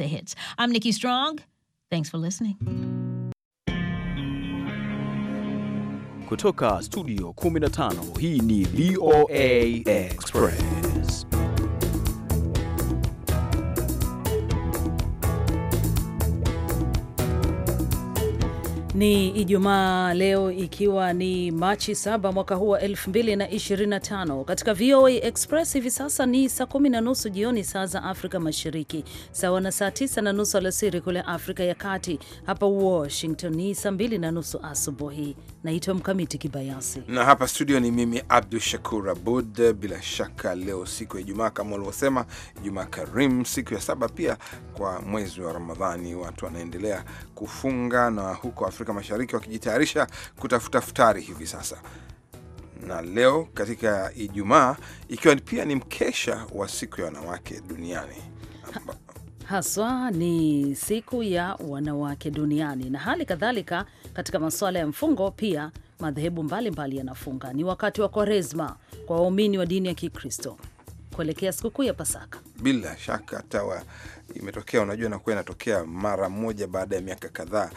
the hits. I'm Nikki Strong. Thanks for listening. Kutoka Studio 15, hii ni VOA Express. Ni Ijumaa leo ikiwa ni Machi 7 mwaka huu wa 2025. Katika VOA Express hivi sasa ni saa kumi na nusu jioni saa za Afrika Mashariki, sawa na saa tisa na nusu alasiri kule Afrika ya Kati. Hapa Washington ni saa mbili na nusu asubuhi. Naitwa Mkamiti Kibayasi na hapa studio ni mimi Abdu Shakur Abud. Bila shaka leo siku ya Ijumaa kama ulivyosema, Ijumaa Karim, siku ya saba pia kwa mwezi wa Ramadhani. Watu wanaendelea kufunga na huko Afrika Mashariki wakijitayarisha kutafuta futari hivi sasa. Na leo katika Ijumaa, ikiwa pia ni mkesha wa siku ya wanawake duniani Amba haswa ni siku ya wanawake duniani, na hali kadhalika katika masuala ya mfungo pia madhehebu mbalimbali yanafunga. Ni wakati wa Kwaresma kwa waumini wa dini ya Kikristo kuelekea sikukuu ya Pasaka bila shaka tawa imetokea, unajua inakuwa inatokea mara moja baada ya miaka kadhaa.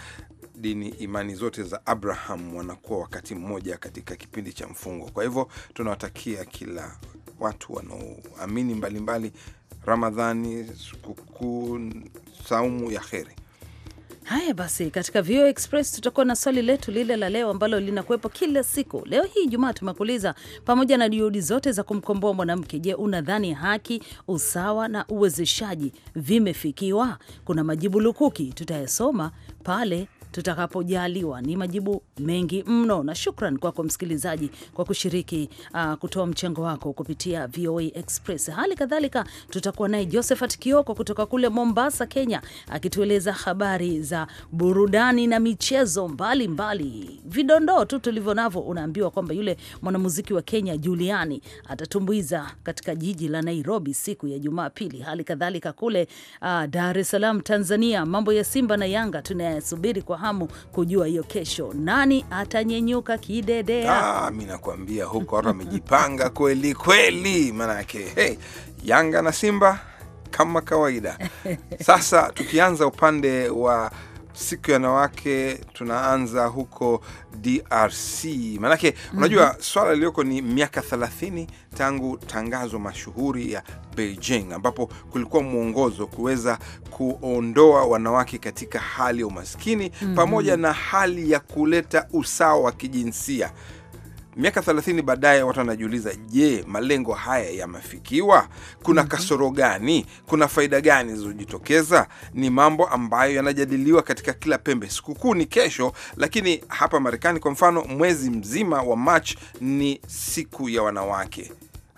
Dini imani zote za Abraham wanakuwa wakati mmoja katika kipindi cha mfungo. Kwa hivyo tunawatakia kila watu wanaoamini mbalimbali Ramadhani, sikukuu, saumu ya kheri. Haya basi, katika VOA Express tutakuwa na swali letu lile la leo ambalo linakuwepo kila siku. Leo hii Jumaa tumekuuliza, pamoja na juhudi zote za kumkomboa mwanamke, je, unadhani haki, usawa na uwezeshaji vimefikiwa? Kuna majibu lukuki tutayasoma pale tutakapojaliwa. Ni majibu mengi mno, na shukran kwako kwa msikilizaji kwa kushiriki uh, kutoa mchango wako kupitia VOA Express. Hali kadhalika tutakuwa naye Josephat Kioko kutoka kule Mombasa, Kenya, akitueleza habari za burudani na michezo mbalimbali Vidondoo tu tulivyo navyo, unaambiwa kwamba yule mwanamuziki wa Kenya Juliani atatumbuiza katika jiji la Nairobi siku ya Jumapili. Hali kadhalika kule uh, Dar es Salaam, Tanzania, mambo ya Simba na Yanga tunayasubiri kwa hamu kujua hiyo kesho nani atanyenyuka kidedea. Ah, mi nakuambia huko watu wamejipanga kweli kweli, maanake hey, Yanga na Simba kama kawaida. Sasa tukianza upande wa siku ya wanawake tunaanza huko DRC maanake, mm -hmm. Unajua, swala iliyoko ni miaka 30 tangu tangazo mashuhuri ya Beijing ambapo kulikuwa mwongozo kuweza kuondoa wanawake katika hali ya umaskini mm -hmm. pamoja na hali ya kuleta usawa wa kijinsia Miaka 30 baadaye watu wanajiuliza, je, malengo haya yamefikiwa? Kuna mhm. kasoro gani? Kuna faida gani zilizojitokeza? Ni mambo ambayo yanajadiliwa katika kila pembe. Sikukuu ni kesho, lakini hapa Marekani kwa mfano, mwezi mzima wa March ni siku ya wanawake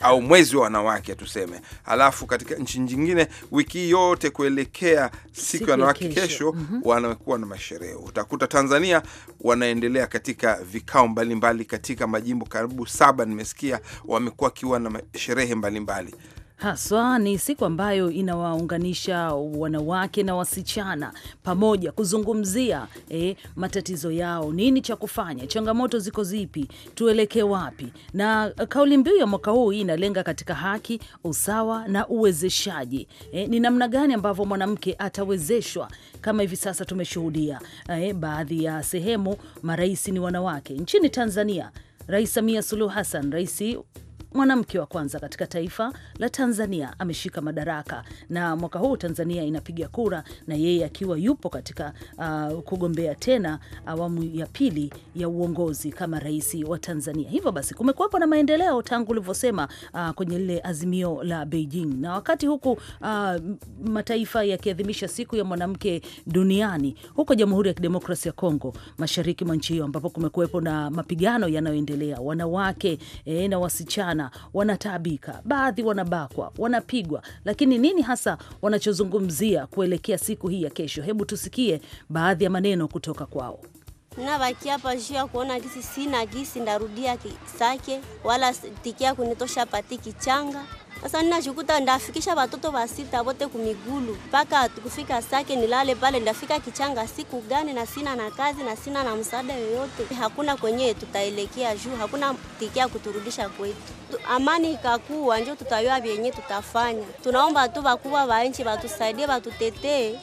au mwezi wa wanawake tuseme. Alafu katika nchi nyingine wiki yote kuelekea siku ya wanawake kesho, mm -hmm. wanakuwa na masherehe. Utakuta Tanzania wanaendelea katika vikao mbalimbali mbali, katika majimbo karibu saba nimesikia wamekuwa kiwa na sherehe mbalimbali mbali haswa ni siku ambayo inawaunganisha wanawake na wasichana pamoja kuzungumzia eh, matatizo yao, nini cha kufanya, changamoto ziko zipi, tuelekee wapi. Na kauli mbiu ya mwaka huu hii inalenga katika haki, usawa na uwezeshaji. Eh, ni namna gani ambavyo mwanamke atawezeshwa kama hivi sasa tumeshuhudia eh, baadhi ya sehemu marais ni wanawake. Nchini Tanzania, Rais Samia Suluhu Hassan, rais mwanamke wa kwanza katika taifa la Tanzania ameshika madaraka, na mwaka huu Tanzania inapiga kura, na yeye akiwa yupo katika uh, kugombea tena awamu ya pili ya uongozi kama rais wa Tanzania. Hivyo basi kumekuwepo na maendeleo tangu ulivyosema, uh, kwenye lile azimio la Beijing, na wakati huku uh, mataifa yakiadhimisha siku ya mwanamke duniani, huko Jamhuri ya Kidemokrasia ya Kongo, mashariki mwa nchi hiyo, ambapo kumekuwepo na mapigano yanayoendelea wanawake eh, na wasichana sana, wanataabika, baadhi wanabakwa, wanapigwa, lakini nini hasa wanachozungumzia kuelekea siku hii ya kesho? Hebu tusikie baadhi ya maneno kutoka kwao. Navakia hapa juu ya kuona gisi, sina gisi, ndarudia kisake wala tikia kunitosha pati kichanga sasa ninajikuta ndafikisha watoto sita wote kumigulu mpaka kufika Sake, nilale pale, ndafika kichanga siku gani? Na sina na kazi na sina na msaada yoyote, hakuna kwenye tutaelekea juu, hakuna tikia kuturudisha kwetu. Amani ikakuwa njo tutayoa vyenye tutafanya. Tunaomba tu wakubwa wa nchi watusaidie, watutetee.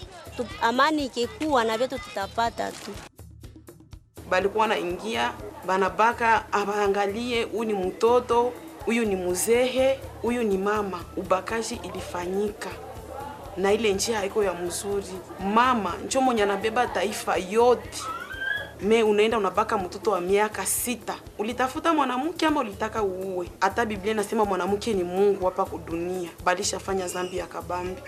Amani ikikuwa na vyetu tutapata tu balikuwa ingia banabaka, abaangalie uni mtoto huyu ni muzehe, huyu ni mama. Ubakaji ilifanyika na ile njia haiko ya mzuri. Mama njo mwenye anabeba taifa yote, me unaenda unabaka mtoto wa miaka sita. Ulitafuta mwanamke ama ulitaka uue? Hata Biblia inasema mwanamke ni Mungu hapa kudunia, balishafanya zambi ya kabambi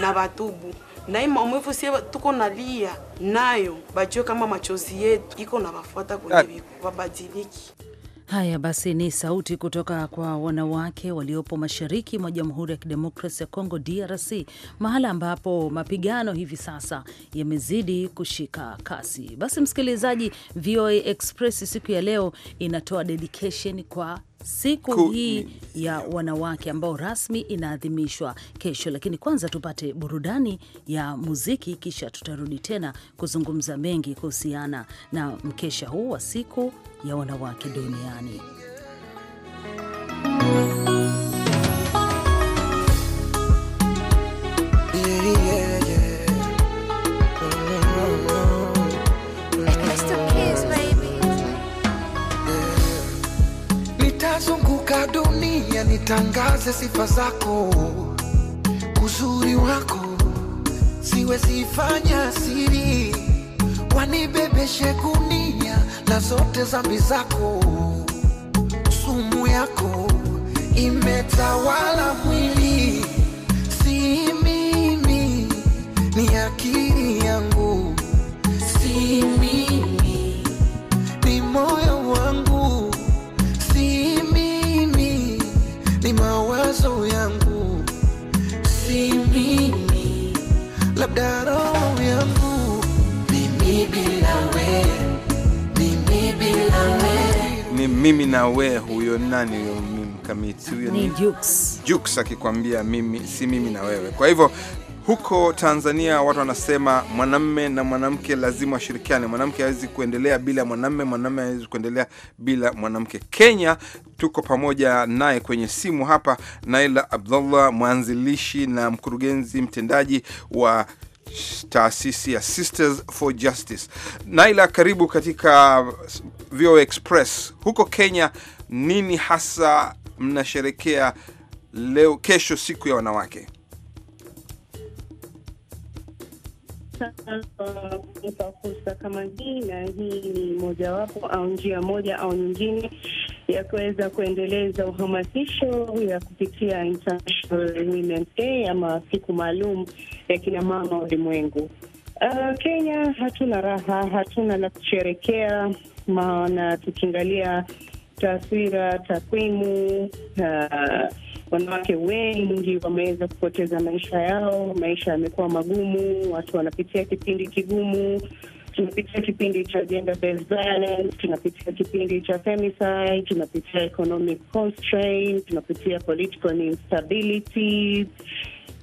na batubu na maumivu sie tuko nalia nayo, bajue kama machozi yetu iko na bafuata kwenye ah. babadiliki. Haya basi, ni sauti kutoka kwa wanawake waliopo mashariki mwa Jamhuri ya Kidemokrasi ya Kongo, DRC, mahala ambapo mapigano hivi sasa yamezidi kushika kasi. Basi msikilizaji, VOA Express siku ya leo inatoa dedication kwa siku Ku... hii ya wanawake ambao rasmi inaadhimishwa kesho, lakini kwanza tupate burudani ya muziki, kisha tutarudi tena kuzungumza mengi kuhusiana na mkesha huu wa siku ya wanawake duniani. zunguka dunia nitangaze sifa zako, uzuri wako siwezi fanya siri, wanibebeshe gunia na zote zambi zako, sumu yako imetawala mwili, si mimi ni akili labda roho yangu mimi bila we, mimi bila we. Ni mimi na we, huyo nani huyo mimi mkamiti huyo ni Jux. Jux akikwambia mimi si mimi na wewe. Kwa hivyo huko Tanzania watu wanasema mwanamme na mwanamke lazima washirikiane. Mwanamke hawezi kuendelea bila mwanamme, mwanamme hawezi kuendelea bila mwanamke. Kenya tuko pamoja naye kwenye simu hapa, Naila Abdullah, mwanzilishi na mkurugenzi mtendaji wa taasisi ya Sisters for Justice. Naila, karibu katika VOA Express. Huko Kenya, nini hasa mnasherekea leo, kesho, siku ya wanawake? sana kunipa uh, fursa kama hii, na hii ni mojawapo au njia moja au nyingine ya kuweza kuendeleza uhamasisho ya kupitia International Women's Day ama siku maalum ya kinamama ulimwengu. Uh, Kenya hatuna raha, hatuna la kusherekea, maana tukiangalia taswira, takwimu uh, wanawake wengi wameweza kupoteza maisha yao. Maisha yamekuwa magumu, watu wanapitia kipindi kigumu. Tunapitia kipindi cha gender based violence, tunapitia kipindi cha femicide, tunapitia economic constraint, tunapitia political instability.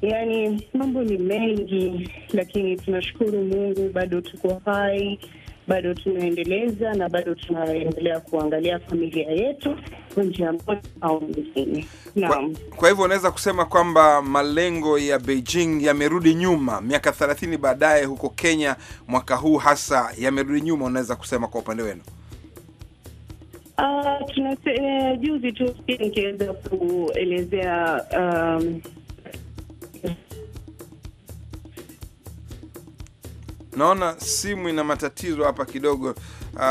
Yani mambo ni mengi, lakini tunashukuru Mungu bado tuko hai bado tunaendeleza na bado tunaendelea kuangalia familia yetu kwa njia moja au nyingine. Kwa, kwa hivyo unaweza kusema kwamba malengo ya Beijing yamerudi nyuma miaka 30 baadaye, huko Kenya mwaka huu hasa yamerudi nyuma, unaweza kusema kwa upande wenu? Uh, uh, juzi tu nikiweza kuelezea um, Naona simu ina matatizo hapa kidogo. Uh,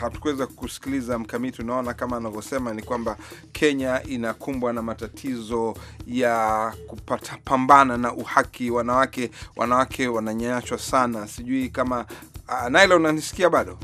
hatukuweza kusikiliza mkamiti. Unaona kama anavyosema ni kwamba Kenya inakumbwa na matatizo ya kupata pambana na uhaki wanawake, wanawake wananyanyaswa sana. Sijui kama uh, Naila unanisikia bado?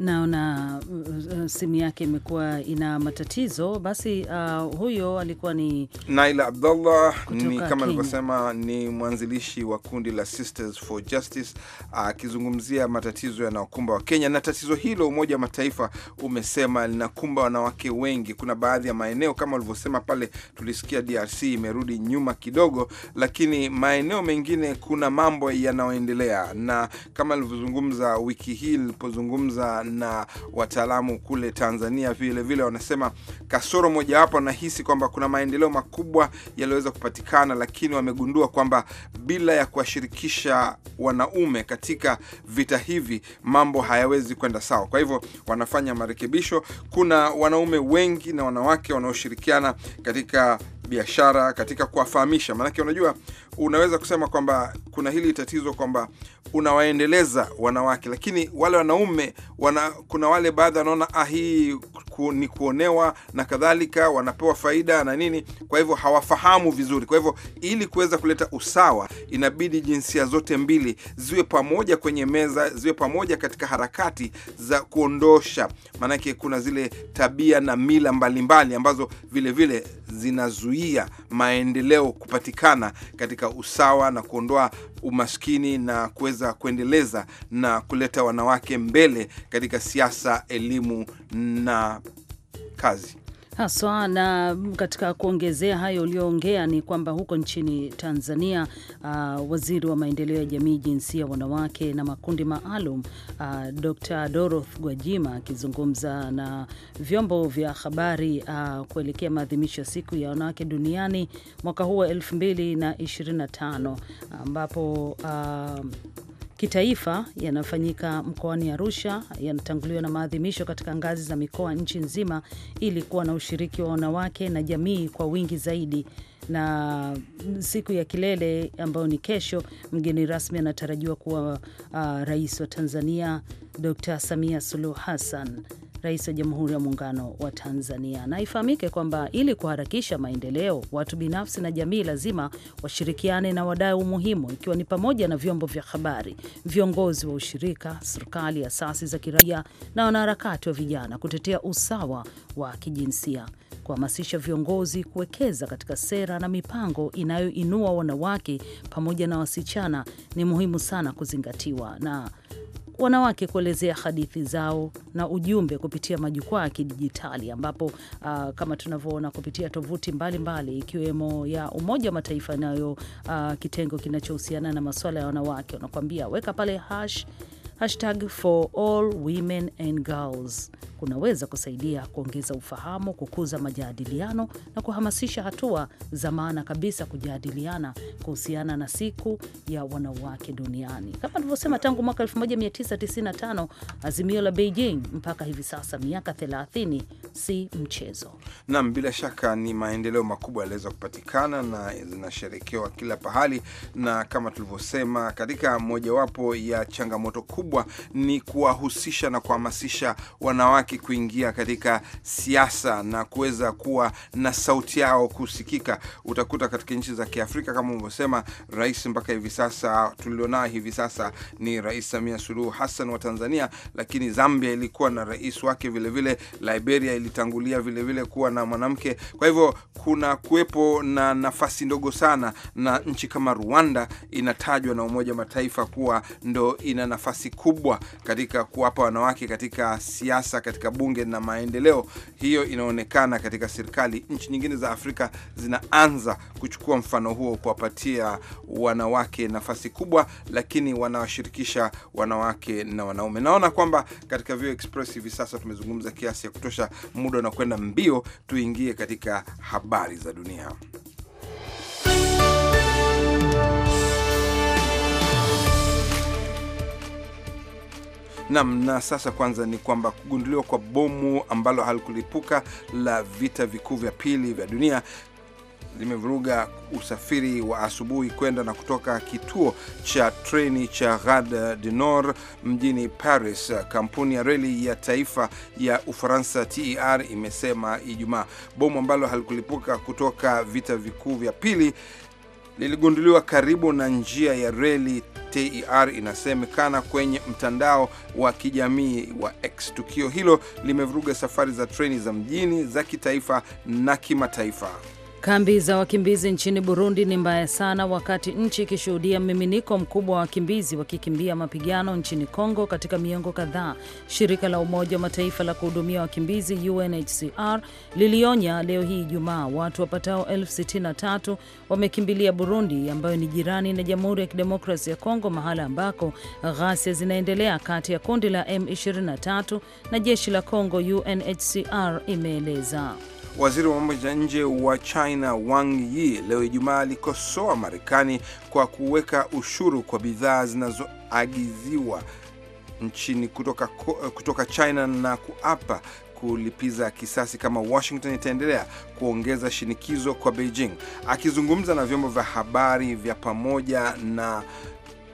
naona uh, uh, simu yake imekuwa ina matatizo basi. Uh, huyo alikuwa ni Naila Abdullah, ni kama alivyosema, ni mwanzilishi wa kundi la Sisters for Justice akizungumzia uh, matatizo yanayokumba kenya na tatizo hilo, Umoja wa Mataifa umesema linakumba wanawake wengi. Kuna baadhi ya maeneo kama ulivyosema pale, tulisikia DRC imerudi nyuma kidogo, lakini maeneo mengine kuna mambo yanayoendelea, na kama alivyozungumza wiki hii lilipozungumza na wataalamu kule Tanzania vilevile vile wanasema kasoro mojawapo, wanahisi kwamba kuna maendeleo makubwa yaliyoweza kupatikana, lakini wamegundua kwamba bila ya kuwashirikisha wanaume katika vita hivi mambo hayawezi kwenda sawa. Kwa hivyo wanafanya marekebisho. Kuna wanaume wengi na wanawake wanaoshirikiana katika biashara, katika kuwafahamisha. Maanake unajua, unaweza kusema kwamba kuna hili tatizo kwamba unawaendeleza wanawake, lakini wale wanaume wana, kuna wale baadhi wanaona ah, hii ku, ni kuonewa na kadhalika, wanapewa faida na nini, kwa hivyo hawafahamu vizuri. Kwa hivyo ili kuweza kuleta usawa, inabidi jinsia zote mbili ziwe pamoja kwenye meza, ziwe pamoja katika harakati za kuondosha, maanake kuna zile tabia na mila mbalimbali mbali, ambazo vilevile vile, zinazuia maendeleo kupatikana katika usawa na kuondoa umaskini na kuweza kuendeleza na kuleta wanawake mbele katika siasa, elimu na kazi haswa. Na katika kuongezea hayo uliyoongea ni kwamba huko nchini Tanzania, uh, waziri wa maendeleo ya jamii, jinsia, wanawake na makundi maalum uh, Dr. Doroth Gwajima akizungumza na vyombo vya habari uh, kuelekea maadhimisho ya siku ya wanawake duniani mwaka huu wa 2025 ambapo uh, kitaifa yanafanyika mkoani Arusha, yanatanguliwa na maadhimisho katika ngazi za mikoa nchi nzima, ili kuwa na ushiriki wa wanawake na jamii kwa wingi zaidi na siku ya kilele ambayo ni kesho, mgeni rasmi anatarajiwa kuwa uh, rais wa Tanzania Dr. Samia Suluhu Hassan rais wa Jamhuri ya Muungano wa Tanzania. Na ifahamike kwamba ili kuharakisha maendeleo, watu binafsi na jamii lazima washirikiane na wadau muhimu, ikiwa ni pamoja na vyombo vya habari, viongozi wa ushirika, serikali, asasi za kiraia na wanaharakati wa vijana, kutetea usawa wa kijinsia, kuhamasisha viongozi kuwekeza katika sera na mipango inayoinua wanawake pamoja na wasichana ni muhimu sana kuzingatiwa na wanawake kuelezea hadithi zao na ujumbe kupitia majukwaa ya kidijitali ambapo uh, kama tunavyoona kupitia tovuti mbalimbali ikiwemo ya Umoja wa Mataifa inayo uh, kitengo kinachohusiana na masuala ya wanawake, wanakuambia weka pale hash, hashtag for all women and girls kunaweza kusaidia kuongeza ufahamu, kukuza majadiliano na kuhamasisha hatua za maana kabisa kujadiliana kuhusiana na siku ya wanawake duniani. Kama alivyosema, tangu mwaka 1995 azimio la Beijing mpaka hivi sasa, miaka 30 si mchezo. Naam, bila shaka ni maendeleo makubwa yaliweza kupatikana na zinasherekewa kila pahali, na kama tulivyosema, katika mojawapo ya changamoto kubwa ni kuwahusisha na kuhamasisha wanawake hawataki kuingia katika siasa na kuweza kuwa na sauti yao kusikika. Utakuta katika nchi za Kiafrika kama ulivyosema, rais mpaka hivi sasa tulionao hivi sasa ni Rais Samia Suluhu Hassan wa Tanzania, lakini Zambia ilikuwa na rais wake vilevile vile, Liberia ilitangulia vilevile vile kuwa na mwanamke. Kwa hivyo kuna kuwepo na nafasi ndogo sana, na nchi kama Rwanda inatajwa na Umoja Mataifa kuwa ndo ina nafasi kubwa katika kuwapa wanawake katika siasa katika katika bunge na maendeleo. Hiyo inaonekana katika serikali. Nchi nyingine za Afrika zinaanza kuchukua mfano huo, kuwapatia wanawake nafasi kubwa, lakini wanawashirikisha wanawake na wanaume. Naona kwamba katika Vio Express hivi sasa tumezungumza kiasi ya kutosha, muda unakwenda mbio. Tuingie katika habari za dunia. Nam, na sasa kwanza ni kwamba kugunduliwa kwa bomu ambalo halikulipuka la vita vikuu vya pili vya dunia limevuruga usafiri wa asubuhi kwenda na kutoka kituo cha treni cha Gare du Nord mjini Paris. Kampuni ya reli ya taifa ya Ufaransa TER imesema Ijumaa bomu ambalo halikulipuka kutoka vita vikuu vya pili liligunduliwa karibu na njia ya reli TER inasemekana kwenye mtandao wa kijamii wa X. Tukio hilo limevuruga safari za treni za mjini, za kitaifa na kimataifa. Kambi za wakimbizi nchini Burundi ni mbaya sana, wakati nchi ikishuhudia mmiminiko mkubwa wa wakimbizi wakikimbia mapigano nchini Kongo katika miongo kadhaa. Shirika la Umoja wa Mataifa la kuhudumia wakimbizi UNHCR lilionya leo hii Ijumaa watu wapatao elfu sitini na tatu wamekimbilia Burundi, ambayo ni jirani na Jamhuri ya Kidemokrasi ya Kongo, mahala ambako ghasia zinaendelea kati ya kundi la M23 na jeshi la Kongo, UNHCR imeeleza. Waziri wa mambo ya nje wa China Wang Yi leo Ijumaa alikosoa Marekani kwa kuweka ushuru kwa bidhaa zinazoagiziwa nchini kutoka, kutoka China na kuapa kulipiza kisasi kama Washington itaendelea kuongeza shinikizo kwa Beijing. Akizungumza na vyombo vya habari vya pamoja na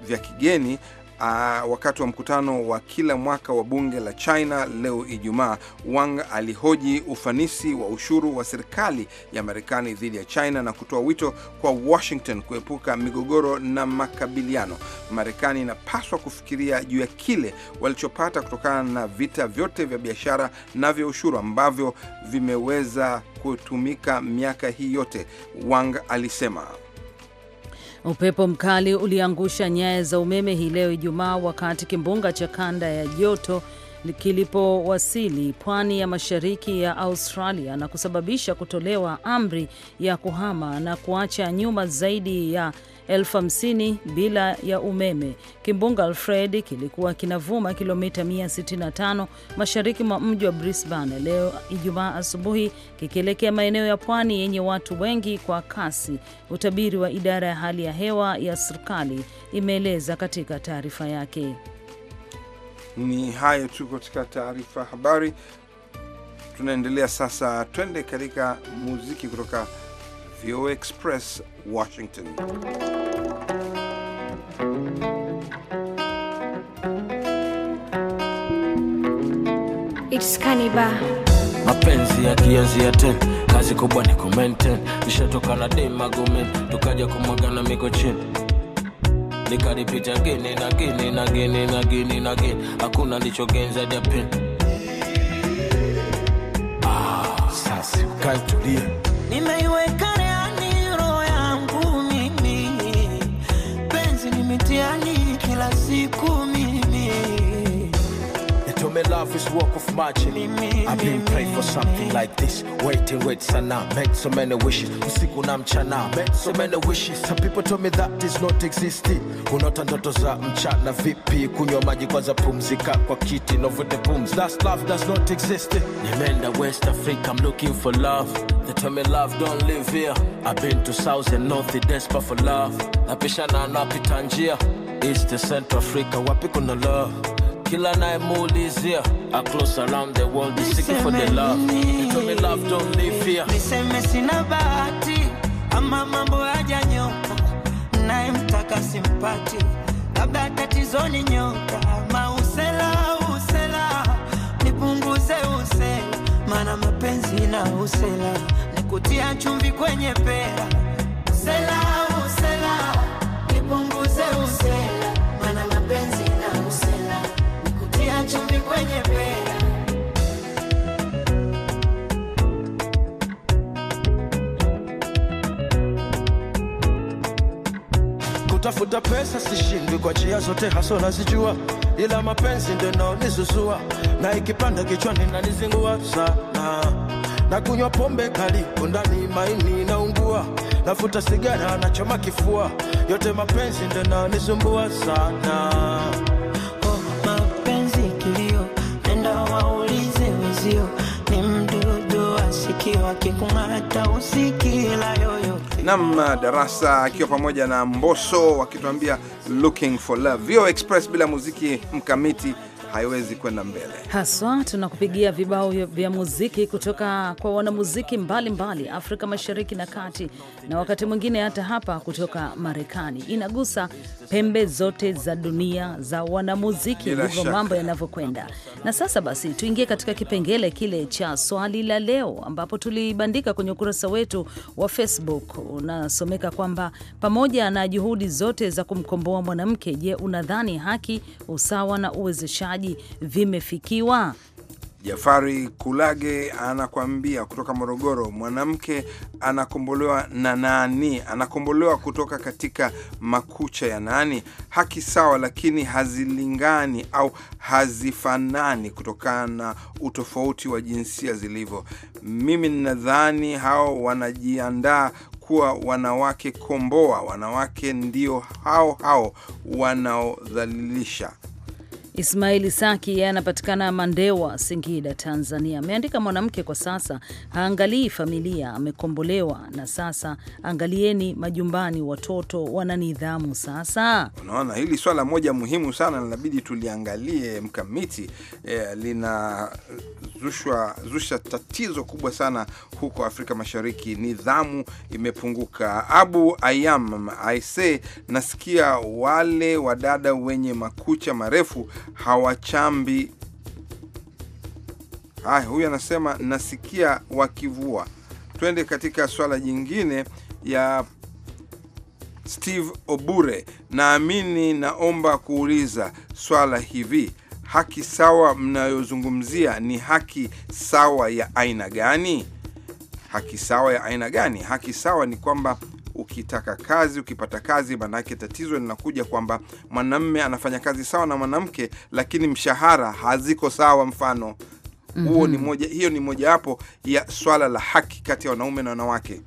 vya kigeni, Uh, wakati wa mkutano wa kila mwaka wa bunge la China leo Ijumaa, Wang alihoji ufanisi wa ushuru wa serikali ya Marekani dhidi ya China na kutoa wito kwa Washington kuepuka migogoro na makabiliano. Marekani inapaswa kufikiria juu ya kile walichopata kutokana na vita vyote vya biashara na vya ushuru ambavyo vimeweza kutumika miaka hii yote, Wang alisema. Upepo mkali uliangusha nyaya za umeme hii leo Ijumaa, wakati kimbunga cha kanda ya joto kilipowasili pwani ya mashariki ya Australia na kusababisha kutolewa amri ya kuhama na kuacha nyuma zaidi ya elfu hamsini bila ya umeme. Kimbunga Alfred kilikuwa kinavuma kilomita 165 mashariki mwa mji wa Brisbane leo Ijumaa asubuhi, kikielekea maeneo ya pwani yenye watu wengi kwa kasi, utabiri wa idara ya hali ya hewa ya serikali imeeleza katika taarifa yake. Ni hayo tu katika taarifa habari. Tunaendelea sasa, twende katika muziki kutoka VOA Express Washington. It's mapenzi yakianzia tena, kazi kubwa ni kumaintain, ishatoka na dei magumen, tukaja kumwaga na miko chini nikaripita again and again and again and again and again, hakuna lichogenza japin. Ah, sasa nimeiweka rehani roho yangu mimi, penzi ni mitiani kila siku to me love is work of magic. I've been praying for something like this. Waiting, wait, sana. Made so many wishes. Usiku na mchana. Made so many wishes. Some people told me that is not existing. Unaota ndoto za mchana vipi? Kunywa maji kwanza, pumzika kwa kiti, no the booms. That's love that's not existing. Nimeenda West Africa, I'm looking for love. They tell me love don't live here. I've been to South and North, The desperate for love. Napishana napita njia. East and Central Africa, wapi kuna love? kila nayemuulizia close around the world isiki for the love me love don't leave fear niseme sina bahati ama mambo hajanyoka nayemtaka simpati labda tatizo ni nyota ama usela usela nipunguze usela mana mapenzi na usela nikutia chumvi kwenye pera sasa sishindwi kuachia zote haso nazijua, ila mapenzi ndio naonizuzua na ikipanda kichwani nanizingua sana na kunywa pombe kali ndani maini naungua, nafuta sigara nachoma kifua, yote mapenzi ndio nanisumbua sana oh, kilio, nenda waulize wezio, ni mdudu wa sikio usikilayo nam darasa akiwa pamoja na mboso wakituambia looking for love. Vio Express bila muziki mkamiti haiwezi kwenda mbele haswa. Tunakupigia vibao vya muziki kutoka kwa wanamuziki mbalimbali Afrika Mashariki na Kati, na wakati mwingine hata hapa kutoka Marekani. Inagusa pembe zote za dunia za wanamuziki, hivyo mambo yanavyokwenda. Na sasa basi, tuingie katika kipengele kile cha swali la leo, ambapo tulibandika kwenye ukurasa wetu wa Facebook. Unasomeka kwamba pamoja na juhudi zote za kumkomboa mwanamke, je, unadhani haki, usawa na uwezeshaji maji vimefikiwa? Jafari Kulage anakuambia kutoka Morogoro, mwanamke anakombolewa na nani? Anakombolewa kutoka katika makucha ya nani? Haki sawa, lakini hazilingani au hazifanani kutokana na utofauti wa jinsia zilivyo. Mimi ninadhani hao wanajiandaa kuwa wanawake komboa. Wanawake ndio hao hao wanaodhalilisha. Ismaili Saki yeye anapatikana Mandewa, Singida, Tanzania, ameandika mwanamke kwa sasa haangalii familia, amekombolewa na sasa angalieni majumbani, watoto wana nidhamu sasa. Unaona, hili swala moja muhimu sana linabidi tuliangalie mkamiti eh, linazusha tatizo kubwa sana huko Afrika Mashariki. Nidhamu imepunguka. Abu Ayam aise, nasikia wale wadada wenye makucha marefu hawachambi. Ay, huyu anasema nasikia wakivua. Twende katika swala jingine ya Steve Obure, naamini naomba kuuliza swala hivi, haki sawa mnayozungumzia ni haki sawa ya aina gani? Haki sawa ya aina gani? Haki sawa ni kwamba ukitaka kazi, ukipata kazi, maanake tatizo linakuja kwamba mwanamme anafanya kazi sawa na mwanamke, lakini mshahara haziko sawa. Mfano huo mm -hmm. Ni mhm. moja, hiyo ni mojawapo ya swala la haki kati ya wanaume na wanawake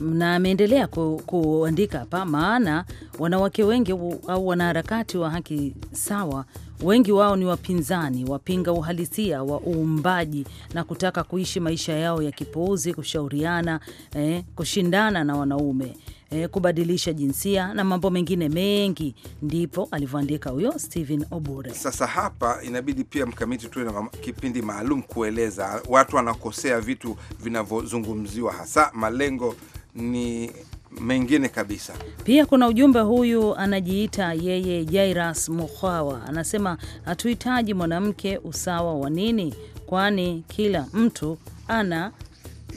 na ameendelea ku, kuandika hapa, maana wanawake wengi au wanaharakati wa haki sawa Wengi wao ni wapinzani, wapinga uhalisia wa uumbaji na kutaka kuishi maisha yao ya kipuuzi, kushauriana, eh, kushindana na wanaume eh, kubadilisha jinsia na mambo mengine mengi. Ndipo alivyoandika huyo Stephen Obure. Sasa hapa inabidi pia mkamiti tuwe na kipindi maalum kueleza watu wanakosea vitu vinavyozungumziwa, hasa malengo ni mengine kabisa. Pia kuna ujumbe huyu anajiita yeye Jairas Mukhawa, anasema hatuhitaji mwanamke, usawa wa nini? Kwani kila mtu ana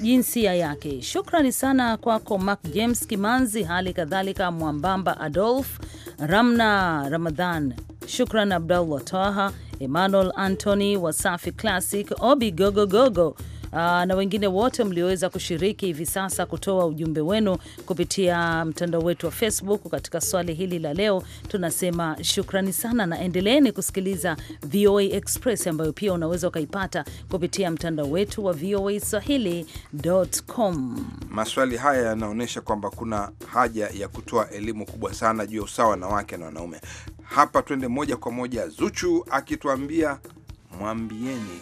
jinsia yake. Shukrani sana kwako Mark James Kimanzi, hali kadhalika Mwambamba Adolf Ramna Ramadhan, shukran abdullah Taha, Emmanuel Anthony, Wasafi Classic, Obi Gogogogo, aa, ah, na wengine wote mlioweza kushiriki hivi sasa kutoa ujumbe wenu kupitia mtandao wetu wa Facebook katika swali hili la leo. Tunasema shukrani sana na endeleeni kusikiliza VOA Express ambayo pia unaweza ukaipata kupitia mtandao wetu wa VOA Swahili.com. Maswali haya yanaonyesha kwamba kuna haja ya kutoa elimu kubwa sana juu ya usawa wanawake na wanaume. Hapa twende moja kwa moja Zuchu akituambia mwambieni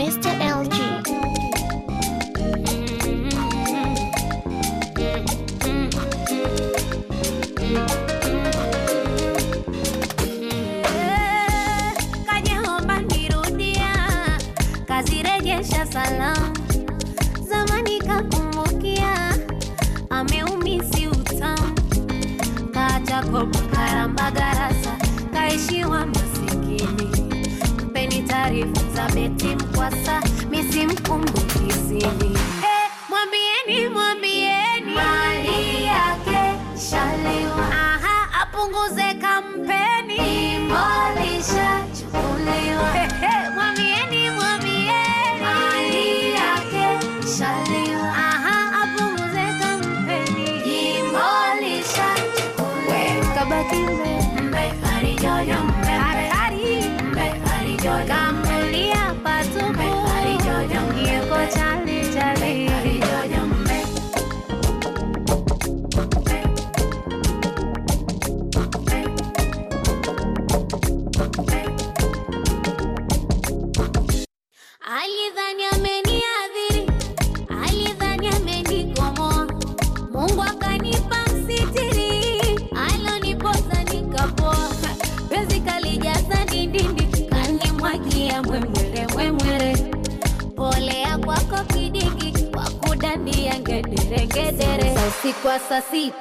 Mr.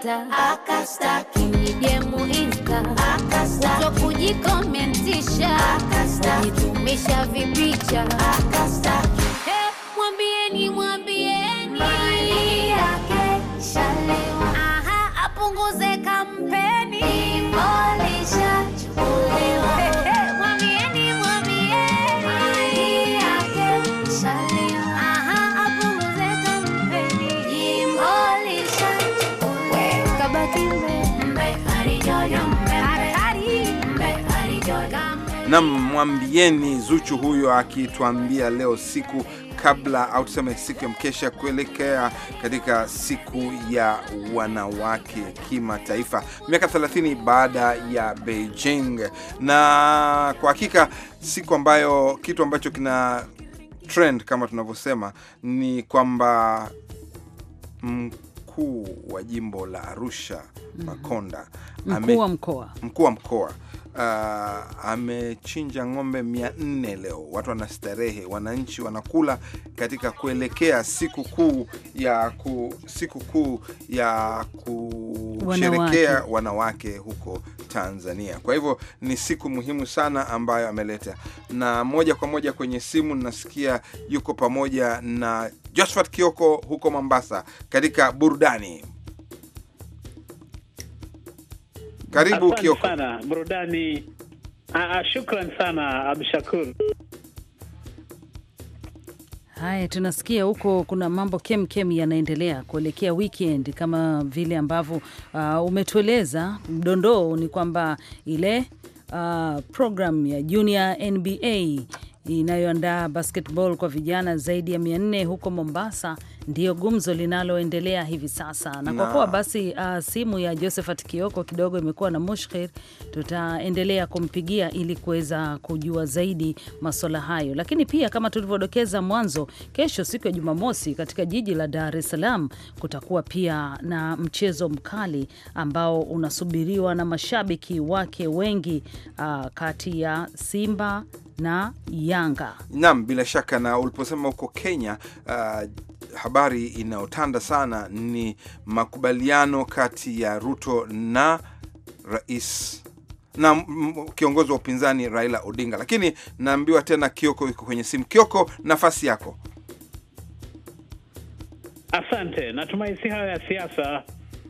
찾아 na mwambieni Zuchu huyo akituambia leo siku kabla au tuseme siku ya mkesha kuelekea katika siku ya wanawake kimataifa, miaka 30 baada ya Beijing. Na kwa hakika siku ambayo kitu ambacho kina trend kama tunavyosema ni kwamba mkuu wa jimbo la Arusha mhm. Makonda, mkuu wa mkoa uh, amechinja ng'ombe mia nne leo. Watu wanastarehe, wananchi wanakula katika kuelekea kuu ya ku, kuu ya kusherekea wanawake. wanawake huko Tanzania. Kwa hivyo ni siku muhimu sana ambayo ameleta, na moja kwa moja kwenye simu nasikia yuko pamoja na Josphat Kioko huko Mombasa katika burudani Karibu Kioko. Sana burudani. Ah, ah, shukran sana Abdushakur. Haya, tunasikia huko kuna mambo kemkem yanaendelea kuelekea weekend, kama vile ambavyo uh, umetueleza mdondoo ni kwamba ile uh, program ya Junior NBA inayoandaa basketball kwa vijana zaidi ya 400 huko Mombasa ndiyo gumzo linaloendelea hivi sasa, na kwa kuwa basi uh, simu ya Josephat Kioko kidogo imekuwa na mushkil, tutaendelea kumpigia ili kuweza kujua zaidi masuala hayo. Lakini pia kama tulivyodokeza mwanzo, kesho siku ya Jumamosi katika jiji la Dar es Salaam kutakuwa pia na mchezo mkali ambao unasubiriwa na mashabiki wake wengi uh, kati ya Simba na Yanga. Naam, bila shaka na uliposema huko Kenya uh, habari inayotanda sana ni makubaliano kati ya Ruto na rais na kiongozi wa upinzani Raila Odinga. Lakini naambiwa tena Kioko iko kwenye simu. Kioko, nafasi yako. Asante, natumai si hayo ya siasa,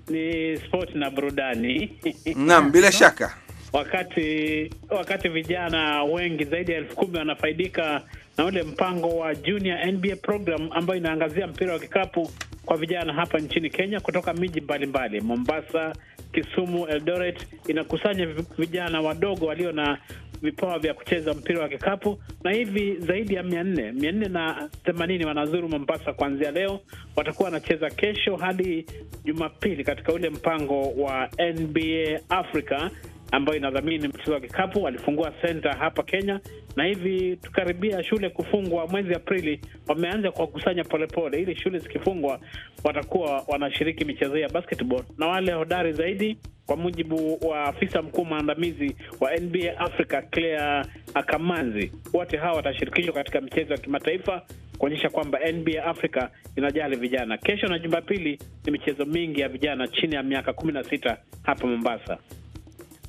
ni sport na burudani. Naam, bila shaka wakati wakati vijana wengi zaidi ya elfu kumi wanafaidika na ule mpango wa Junior NBA program ambayo inaangazia mpira wa kikapu kwa vijana hapa nchini Kenya kutoka miji mbalimbali mbali. Mombasa, Kisumu, Eldoret inakusanya vijana wadogo walio na vipawa vya kucheza mpira wa kikapu, na hivi zaidi ya mia nne mia nne na themanini wanazuru Mombasa kuanzia leo. Watakuwa wanacheza kesho hadi Jumapili katika ule mpango wa NBA Africa ambayo inadhamini mchezo wa kikapu. Walifungua senta hapa Kenya na hivi tukaribia shule kufungwa mwezi Aprili, wameanza kwa polepole, ili shule zikifungwa watakuwa wanashiriki michezo ya basketball na wale hodari zaidi kwa mujibu wa afisa mkuu mwandamizi wa NBA Africa Claire Akamanzi, wote hawa watashirikishwa katika michezo ya kimataifa kuonyesha kwamba NBA Africa inajali vijana. Kesho na Jumapili ni michezo mingi ya vijana chini ya miaka kumi na sita hapa Mombasa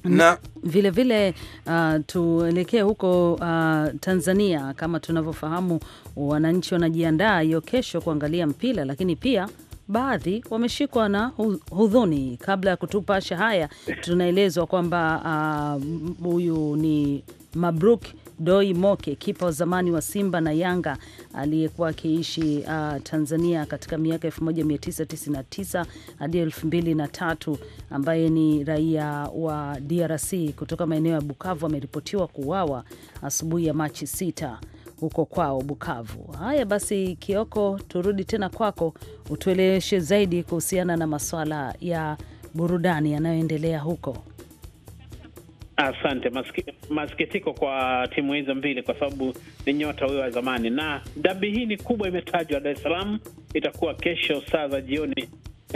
na vilevile vile, uh, tuelekee huko uh, Tanzania. Kama tunavyofahamu, wananchi wanajiandaa hiyo kesho kuangalia mpira, lakini pia baadhi wameshikwa na hudhuni. Kabla ya kutupasha haya, tunaelezwa kwamba uh, huyu uh, ni Mabruk Doi Moke, kipa wa zamani wa Simba na Yanga aliyekuwa akiishi uh, Tanzania katika miaka 1999 hadi 2003, ambaye ni raia wa DRC kutoka maeneo ya Bukavu ameripotiwa kuuawa asubuhi ya Machi 6 huko kwao Bukavu. Haya basi, Kioko, turudi tena kwako utueleweshe zaidi kuhusiana na masuala ya burudani yanayoendelea huko. Asante. Masikitiko kwa timu hizo mbili, kwa sababu ni nyota huyo wa zamani, na dabi hii ni kubwa, imetajwa Dar es Salaam, itakuwa kesho saa za jioni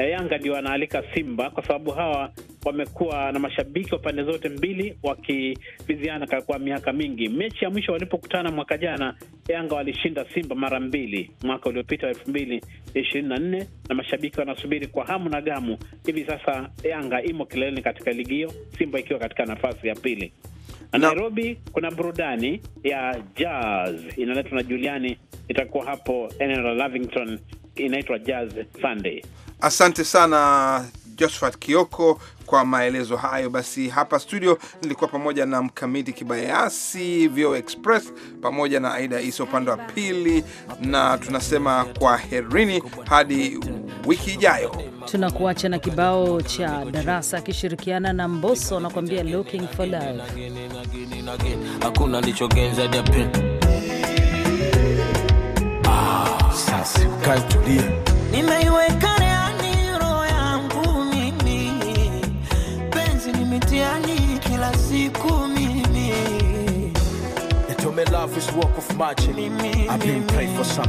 ya Yanga ndio wanaalika Simba kwa sababu hawa wamekuwa na mashabiki wa pande zote mbili wakiviziana kwa miaka mingi. Mechi ya mwisho walipokutana mwaka jana, Yanga walishinda Simba mara mbili mwaka uliopita wa elfu mbili ishirini na nne na mashabiki wanasubiri kwa hamu na gamu. Hivi sasa Yanga imo kileleni katika ligi hiyo, Simba ikiwa katika nafasi ya pili. Na Nairobi kuna burudani ya jazz inaletwa na Juliani, itakuwa hapo eneo la Lavington inaitwa Jazz Sunday. Asante sana Josphat Kioko kwa maelezo hayo. Basi hapa studio nilikuwa pamoja na Mkamiti Kibayasi, Vio Express pamoja na Aida Isa upande wa pili, na tunasema kwa herini hadi wiki ijayo. Tunakuacha na kibao cha Darasa akishirikiana na mboso anakuambia looking for love sasa ukae tulie. Nimeiweka reani roho yangu mimi, penzi ni mitiani kila siku mimi. They love is of magic. I've been praying for